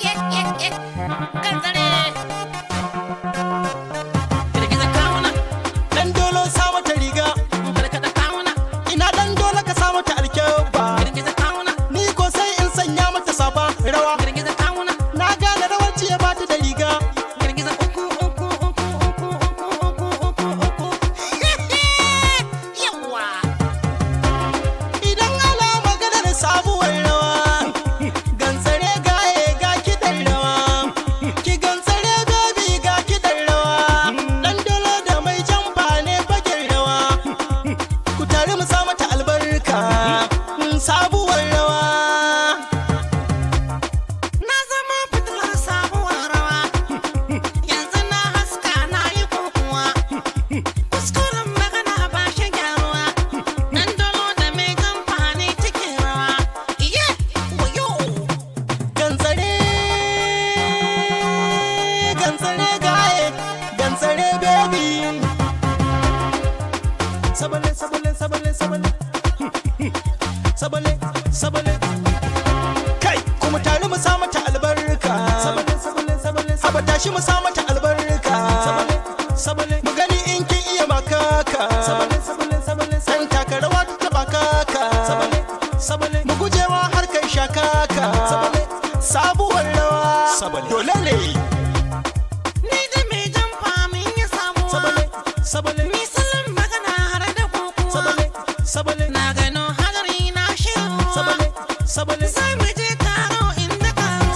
yes, yes, yes. sabale kai kuma tare mu sa mata albarka sabale sabale sabale haba tashi mu sa mata albarka sabale sabale mu gani in kin iya makaka sabale sabale sabale san takarawa ta ka sabale sabale mu gujewa har kai shaka ka sabale sabuwar rawa sabale dole ne ni da me jan famin ya sabale sabale ni sallan magana har da koko sabale sabale na gani